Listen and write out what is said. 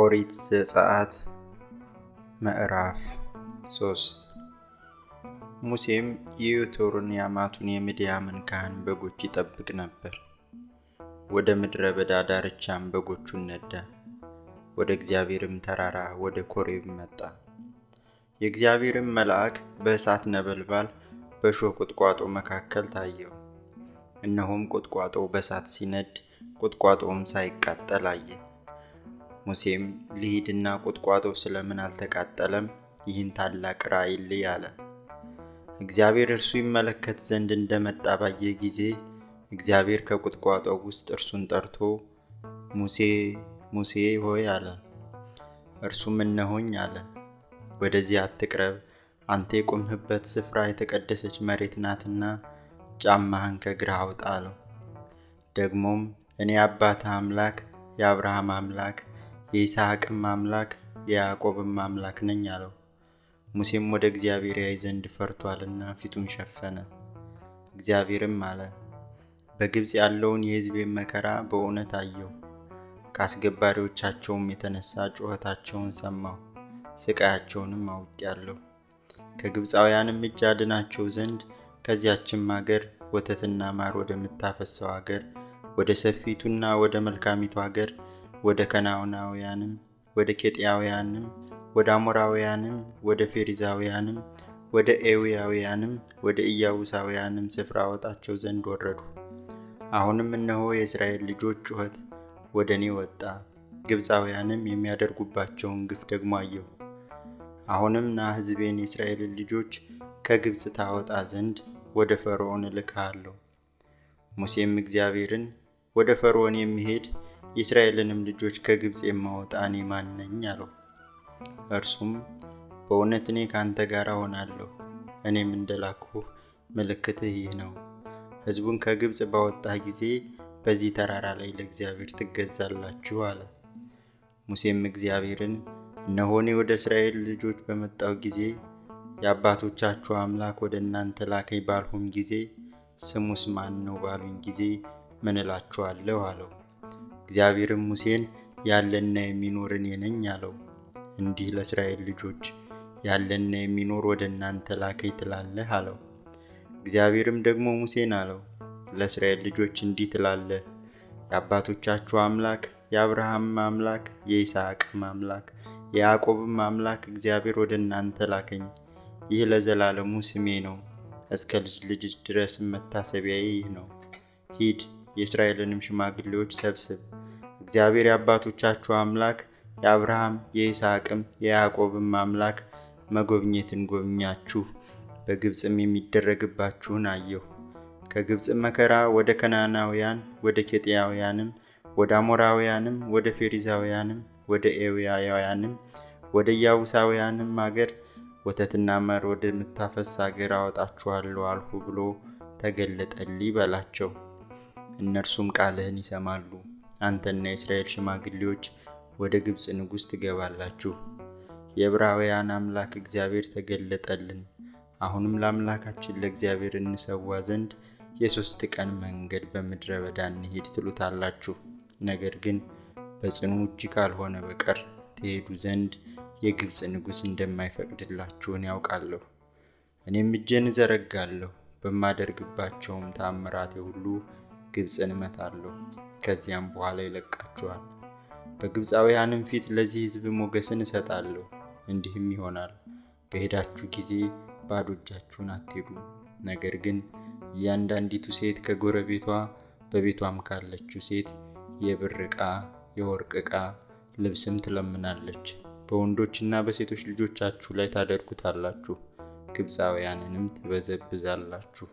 ኦሪት ዘፀአት ምዕራፍ 3 ሙሴም የዮቶርን ያማቱን የምድያምን ካህን በጎች ይጠብቅ ነበር። ወደ ምድረ በዳ ዳርቻም በጎቹን ነዳ። ወደ እግዚአብሔርም ተራራ ወደ ኮሬብ መጣ። የእግዚአብሔርም መልአክ በእሳት ነበልባል በእሾህ ቁጥቋጦ መካከል ታየው። እነሆም ቁጥቋጦው በእሳት ሲነድ ቁጥቋጦውም ሳይቃጠል አየ። ሙሴም ልሂድና ቁጥቋጦ ስለምን አልተቃጠለም ይህን ታላቅ ራእይ ልይ አለ። እግዚአብሔር እርሱ ይመለከት ዘንድ እንደመጣ ባየ ጊዜ እግዚአብሔር ከቁጥቋጦው ውስጥ እርሱን ጠርቶ ሙሴ ሙሴ ሆይ አለ። እርሱም እነሆኝ አለ። ወደዚህ አትቅረብ፣ አንተ የቆምህበት ስፍራ የተቀደሰች መሬት ናትና ጫማህን ከግራ አውጣ አለው። ደግሞም እኔ አባት አምላክ የአብርሃም አምላክ የይስሐቅም አምላክ የያዕቆብም አምላክ ነኝ አለው። ሙሴም ወደ እግዚአብሔር ያይ ዘንድ ፈርቷልና ፊቱን ሸፈነ። እግዚአብሔርም አለ፣ በግብፅ ያለውን የሕዝቤን መከራ በእውነት አየሁ። ከአስገባሪዎቻቸውም የተነሳ ጩኸታቸውን ሰማሁ፣ ስቃያቸውንም አውቄአለሁ። ከግብፃውያንም እጅ አድናቸው ዘንድ ከዚያችም አገር ወተትና ማር ወደምታፈሰው አገር ወደ ሰፊቱና ወደ መልካሚቱ አገር ወደ ከናውናውያንም ወደ ኬጥያውያንም ወደ አሞራውያንም ወደ ፌሪዛውያንም ወደ ኤውያውያንም ወደ ኢያቡሳውያንም ስፍራ ወጣቸው ዘንድ ወረዱ። አሁንም እነሆ የእስራኤል ልጆች ጩኸት ወደ እኔ ወጣ፣ ግብፃውያንም የሚያደርጉባቸውን ግፍ ደግሞ አየው። አሁንም ና ሕዝቤን የእስራኤልን ልጆች ከግብፅ ታወጣ ዘንድ ወደ ፈርዖን እልካሃለሁ ሙሴም እግዚአብሔርን ወደ ፈርዖን የሚሄድ የእስራኤልንም ልጆች ከግብፅ የማወጣ እኔ ማን ነኝ አለው። እርሱም በእውነት እኔ ከአንተ ጋር ሆናለሁ፣ እኔም እንደላኩ ምልክትህ ይህ ነው። ሕዝቡን ከግብፅ ባወጣህ ጊዜ በዚህ ተራራ ላይ ለእግዚአብሔር ትገዛላችሁ አለ። ሙሴም እግዚአብሔርን እነሆ እኔ ወደ እስራኤል ልጆች በመጣው ጊዜ የአባቶቻችሁ አምላክ ወደ እናንተ ላከኝ ባልሁም ጊዜ ስሙስ ማን ነው ባሉኝ ጊዜ ምን እላችኋለሁ? አለው። እግዚአብሔርም ሙሴን ያለና የሚኖር እኔ ነኝ አለው። እንዲህ ለእስራኤል ልጆች ያለና የሚኖር ወደ እናንተ ላከኝ ትላለህ አለው። እግዚአብሔርም ደግሞ ሙሴን አለው፣ ለእስራኤል ልጆች እንዲህ ትላለህ የአባቶቻችሁ አምላክ የአብርሃም አምላክ የይስሐቅም አምላክ የያዕቆብም አምላክ እግዚአብሔር ወደ እናንተ ላከኝ። ይህ ለዘላለሙ ስሜ ነው፣ እስከ ልጅ ልጅ ድረስ መታሰቢያዬ ይህ ነው። ሂድ የእስራኤልንም ሽማግሌዎች ሰብስብ እግዚአብሔር የአባቶቻችሁ አምላክ የአብርሃም የይስሐቅም የያዕቆብም አምላክ መጎብኘትን ጎብኛችሁ፣ በግብፅም የሚደረግባችሁን አየሁ። ከግብፅ መከራ ወደ ከናናውያን ወደ ኬጥያውያንም ወደ አሞራውያንም ወደ ፌሪዛውያንም ወደ ኤውያውያንም ወደ ኢያቡሳውያንም አገር ወተትና ማር ወደምታፈስ አገር አወጣችኋለሁ አልሁ ብሎ ተገለጠልኝ በላቸው። እነርሱም ቃልህን ይሰማሉ አንተና የእስራኤል ሽማግሌዎች ወደ ግብፅ ንጉሥ ትገባላችሁ። የዕብራውያን አምላክ እግዚአብሔር ተገለጠልን። አሁንም ለአምላካችን ለእግዚአብሔር እንሰዋ ዘንድ የሦስት ቀን መንገድ በምድረ በዳ እንሄድ ትሉታላችሁ። ነገር ግን በጽኑ እጅ ካልሆነ በቀር ትሄዱ ዘንድ የግብፅ ንጉሥ እንደማይፈቅድላችሁን ያውቃለሁ። እኔም እጄን እዘረጋለሁ፣ በማደርግባቸውም ተአምራቴ ሁሉ ግብፅን እመታለሁ፣ ከዚያም በኋላ ይለቃችኋል። በግብፃውያንም ፊት ለዚህ ሕዝብ ሞገስን እሰጣለሁ። እንዲህም ይሆናል፣ በሄዳችሁ ጊዜ ባዶ እጃችሁን አትሄዱም። ነገር ግን እያንዳንዲቱ ሴት ከጎረቤቷ በቤቷም ካለችው ሴት የብር ዕቃ፣ የወርቅ ዕቃ፣ ልብስም ትለምናለች። በወንዶችና በሴቶች ልጆቻችሁ ላይ ታደርጉታላችሁ፣ ግብፃውያንንም ትበዘብዛላችሁ።